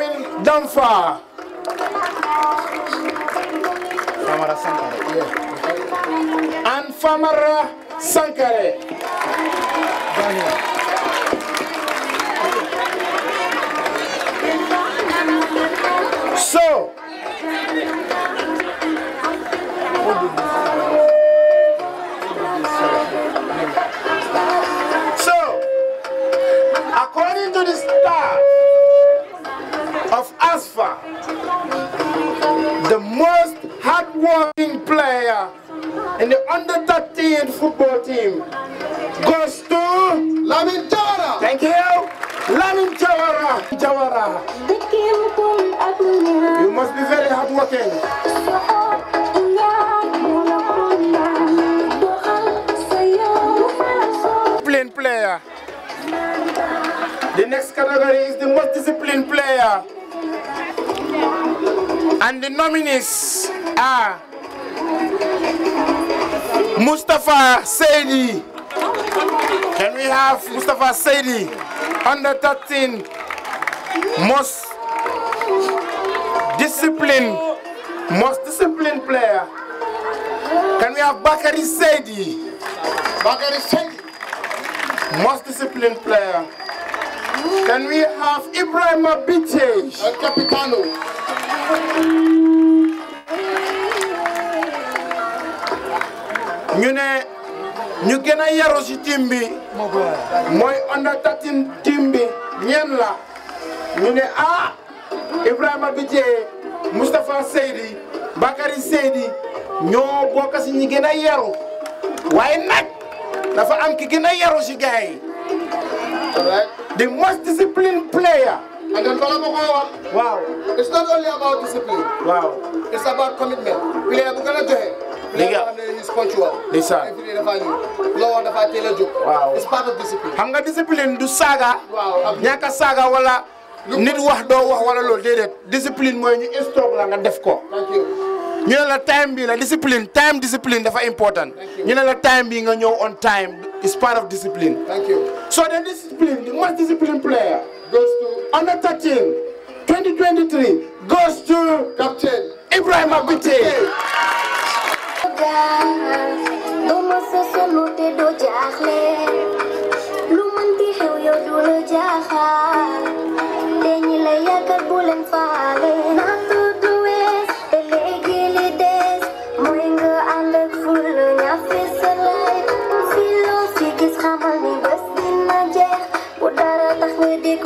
Lamine Famara Sankare. Yeah. And Famara Sankare. Daniel. next category is the most disciplined player. And the nominees are Mustafa Saidi. Can we have Mustafa Saidi, under 13, most disciplined, most disciplined player. Can we have Bakari Saidi? Bakari Saidi, most disciplined player. Can we have Ibrahim Abite? El Capitano. ñu ne ñu gën a yaru timbi. tim under thirteen tim la ne ah Ibrahim Abite Mustafa Seydi Bakari Seydi Nyo boka si ñi gën a yaru waaye nag am ki gën a gay. The most disciplined player. And then Wow. It's not only about discipline. Wow. It's about commitment. Player bu gën a joxe. léegi am na is punctual. ndeysaan et the dafa ñëw. looloo dafa teel it's part of discipline. xam discipline du saga. Wow. Nyaka saga wala. Need wax do wax wala loolu déedéet. discipline mooy ñu stock la defco. Thank you ñu know la time bi la discipline time discipline dafa important ñu know la time bi nga ñëw on time is part of discipline thank you so the discipline the most disciplined player goes to under 13 2023 goes to captain Ibrahim abite My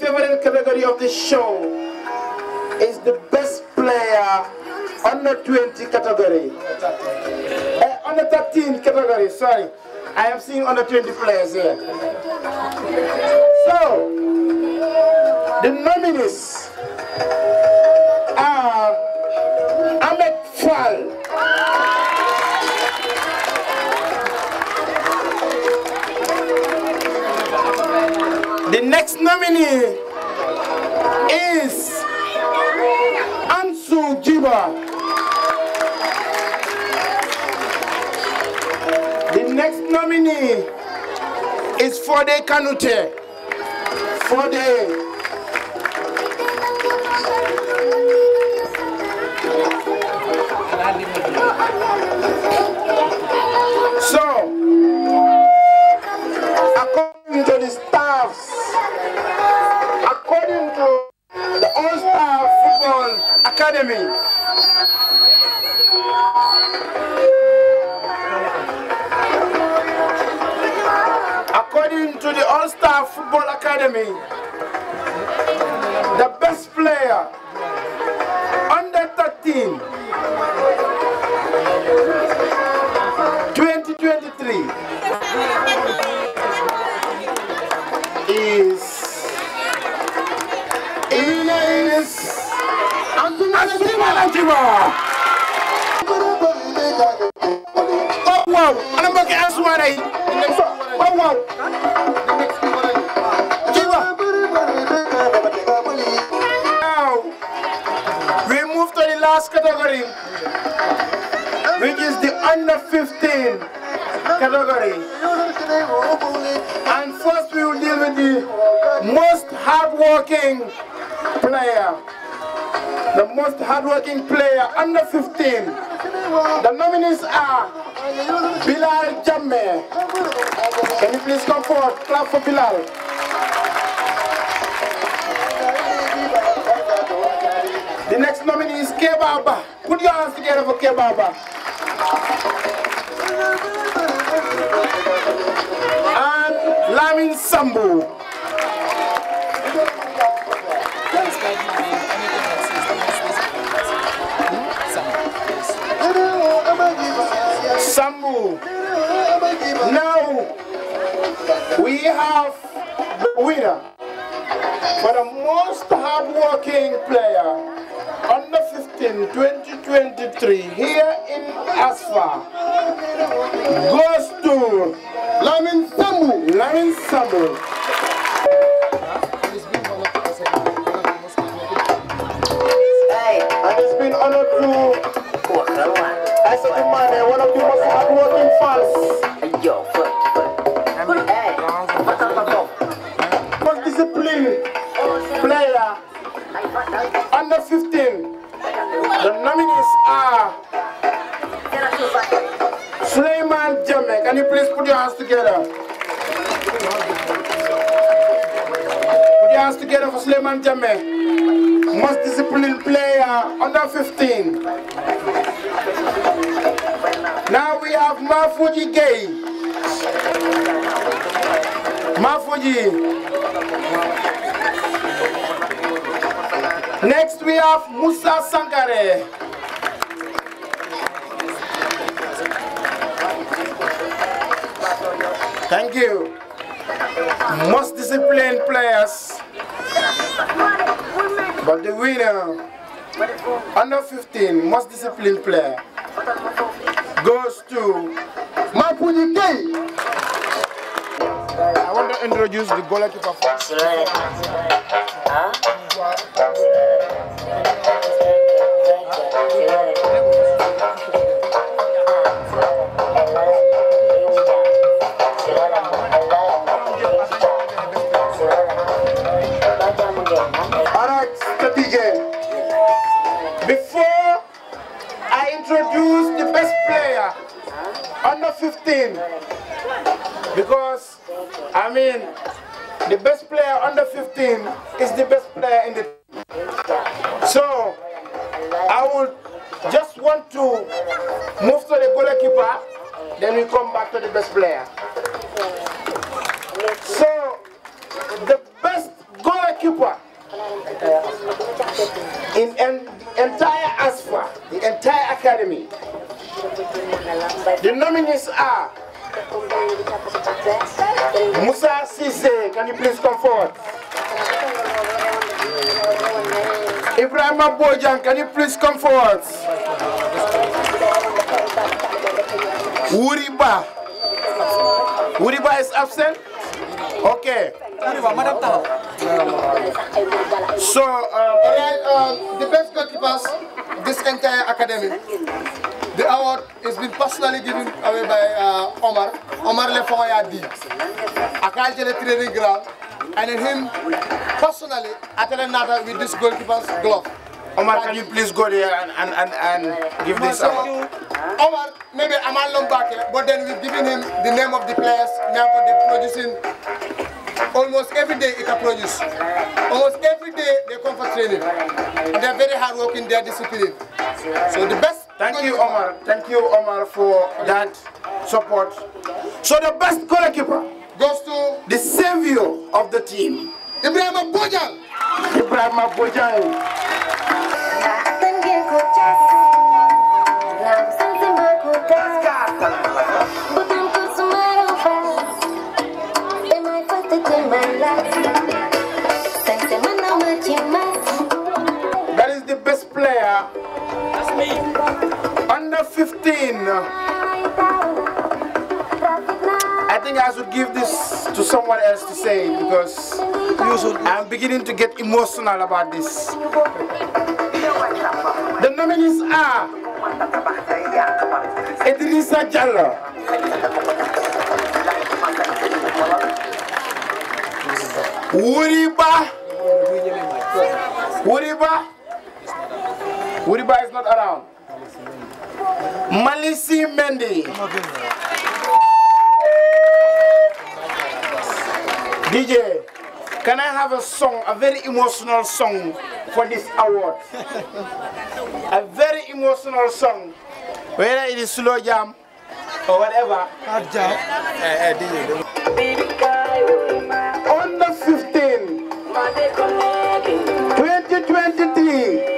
favorite category of the show is the best player under 20 category. Uh, eh, under 13 category, sorry. I am seeing under 20 players here. So, the nominees Germany is Ansu Giba. The next nominee is Fode Kanute. Fode enemy. According to the All-Star Football Academy, the best player Wow, wow. Now, we move to the last category, which is the under 15 category. And first we will deal with the most hardworking player the most hardworking player under 15. The nominees are Bilal Jamme. Can you please come forward? Clap for Bilal. The next nominee is Kebaba. Put your hands together for Kebaba. And Lamin Sambu. Sambo. Now we have the winner for the most hardworking player under 15 2023 here in Asfa goes to Lamin Sambu. Lamin Sambu. Next we have Musa Sankare. Thank you. Most disciplined players. But the winner, under 15, most disciplined player. Swear to perform. Swear. Before I introduce the best player, under 15, because I mean, the best player under 15 is the best player in the team. So, I will just want to move to the goalkeeper, then we come back to the best player. So, the best goalkeeper in the entire ASFA, the entire academy, the nominees are Musa Sise, can you please come forward? Ibrahim Bojan, can you please come forward? Uriba. Uriba is absent? Okay. So, um, um, the best goalkeepers this entire academy. The award is been personally given away by uh, Omar, Omar Lefoyadi, Akaljele training ground, and him personally another with this goalkeeper's glove. Omar, can you please go there and, and, and, and give this out? Omar, maybe back here, but then we've given him the name of the players, name for the producing. Almost every day it can produce. Almost every day they come for training. They're very hard working, they're disciplined. So the best Thank you, Omar. Thank you, Omar, for that support. So the best goalkeeper goes to the savior of the team, Ibrahim Bojal. Ibrahima Bojang. That is the best player. That's me. Under 15 think I should give this to someone else to say because I'm beginning to get emotional about this. the nominees are Edrisa Jallo. Uriba, Uriba, Uriba is not around. Malisi Mendy. DJ, can I have a song, a very emotional song for this award? a very emotional song, whether it is slow jam or whatever. Hard jam. Uh, eh, uh, eh, DJ. Under 15, 2023.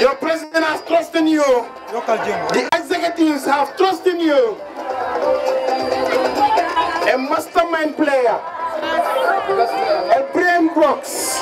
Your president has trust in you. The executives have trust in you. A mastermind player. A brain box.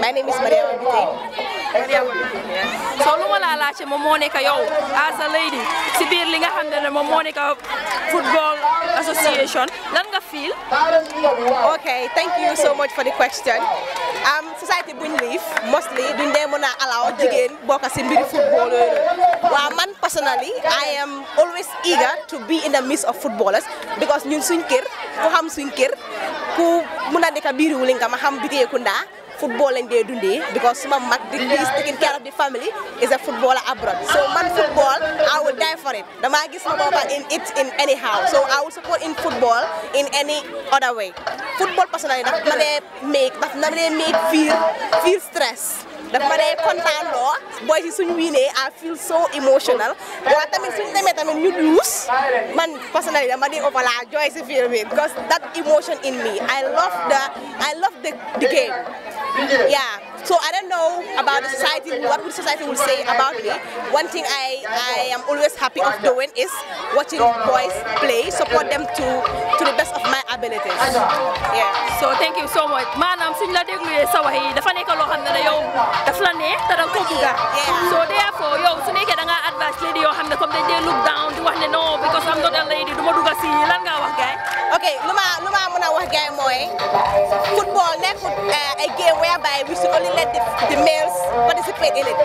My name is Maria So as a lady si li nga xam football association lan nga feel. Okay, thank you so much for the question. Um, society buñ liif mostly duñ dee mën a allow bokk si mbiri football yooyu man personally I am always eager to be in the midst of footballers because ñun suñ kër ku xam suñ kër ku ma xam football lañ dee dundee because suma mag di is taking care of the family is a footballer abroad so man football I will die for it damaa gis ma booba in it in anyhow so I will support in football in any other way football personally daf ma make daf na make feel feel stress dafa dee kontaan loo booy si suñu wiinee I feel so emotional waaye tamit suñu demee tamit ñu luus man personally dama di opala joy si film bi because that emotion in me I love the I yeah So I don't know about the society, what the society will say about me. One thing I, I am always happy of doing is watching boys play, support them to, to the best of my abilities. Yeah. So thank you so much. Manam suñ la déglé sa wax yi dafa nek lo The da yow daf la né ta da ko buga. So therefore yo, so nekké da an advance lady yo xamné comme dañ they look down di wax né no because I'm not a lady duma duga ci lan nga wax gaay. Okay, luma luma mëna wax gaay moy football nekk eh, a game whereby we should only to let the, the males participate in it.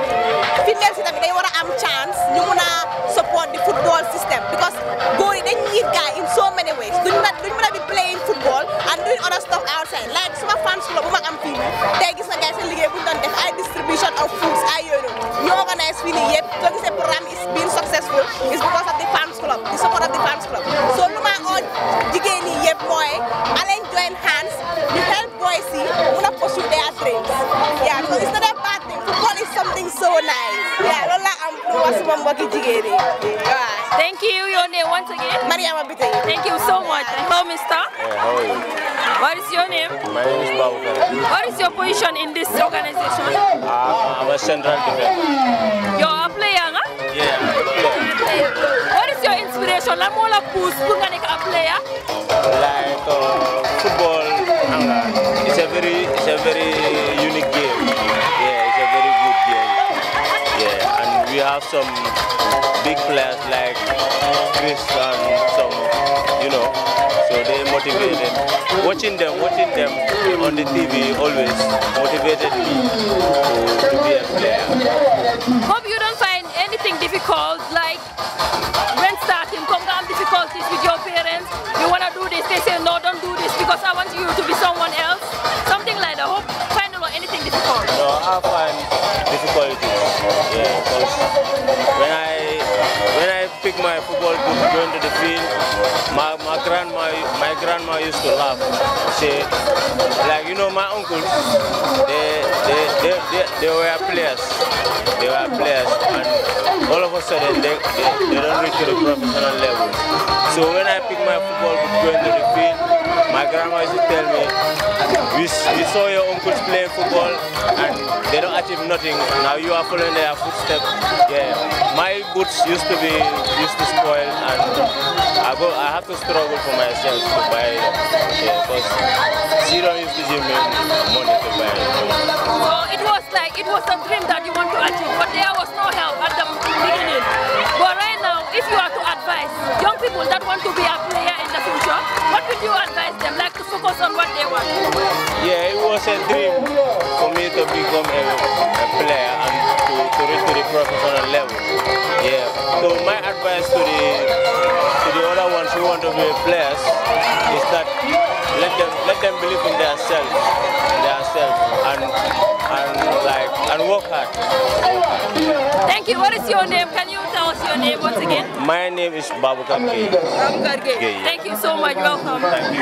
Females tamit dañ war a am chance ñu mun a support the football system because góor yi dañ need guy in so many ways duñ mën duñ mën a be playing football and doing other stuff outside like suma fans club bu am fii tey gis na gars seen liggéey bu def ay distribution of foods ay yooyu ñu organise fii nii yëpp soo gisee programme is being successful is because of the fans club the support of the fans club so lu ma oo jigéen ñi yëpp mooy aleen join hands a pursue Yeah, because it's not a bad thing. Football is something so nice. Yeah, lola am nuwa suma mbaki jigere. Thank you, your name once again. Maria Bite. Thank you so much. Hello, mister. Yeah, how are you? What is your name? My name is Babu What is your position in this organization? Uh, I'm a central defender. You're a player, huh? Yeah. What is your inspiration? La mola pousse pour nga nek a player? Like uh, football, it's a very, it's a very unique game. have some big players like Chris and some, you know, so they motivate them. Watching them, watching them on the TV always motivated me to, to be a player. Hope you don't find anything difficult, like when starting, come down difficulties with your parents, you want to do this, they say, no, don't do this because I want you to be someone else. Something like that. Hope find or anything difficult. No, I find when I when I pick my football to go into the field, my, my grandma my grandma used to laugh. She like you know my uncle, they they, they, they, they were players. They were players and all of a sudden they, they, they don't reach the professional level. So when I pick my football to go into the field My grandma used to tell me, we, we saw your uncles playing football and they don't achieve nothing. Now you are following their footsteps. Yeah, my boots used to be used to spoil and I go. I have to struggle for myself to buy Yeah, because she don't used to give me money to buy them it was a dream that you want to achieve, but there was no help at the beginning. But right now, if you are to advise young people that want to be a player in the future, what would you advise them, like to focus on what they want? Yeah, it was a dream for me to become a, a player and to to the professional level. Yeah. So my advice to the to the other ones who want to be players is that let them let them believe in themselves, themselves, and and like and work hard. Thank you. What is your name? Can you tell us your name once again? My name is Babu Karge. Babu Karge. Yeah, yeah. Thank you so much. Welcome. Thank you.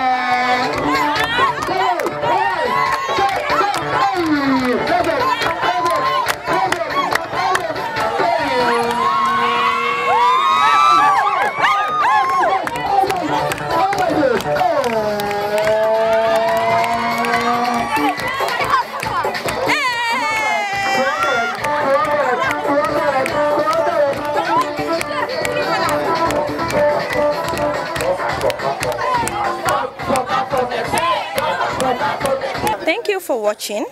Bye. watching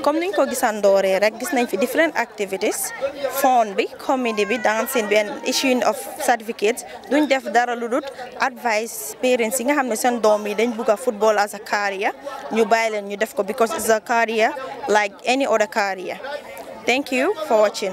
comme niñ ko gisandooree rek gis nañ fi different activities fond bi comedy bi dancing bi and issuing of certificates duñ def dara advice parents yi nga xam ne seen doom yi dañ bugg a football as a career ñu bàyyi leen ñu def ko because it's a career like any other career thank you for watching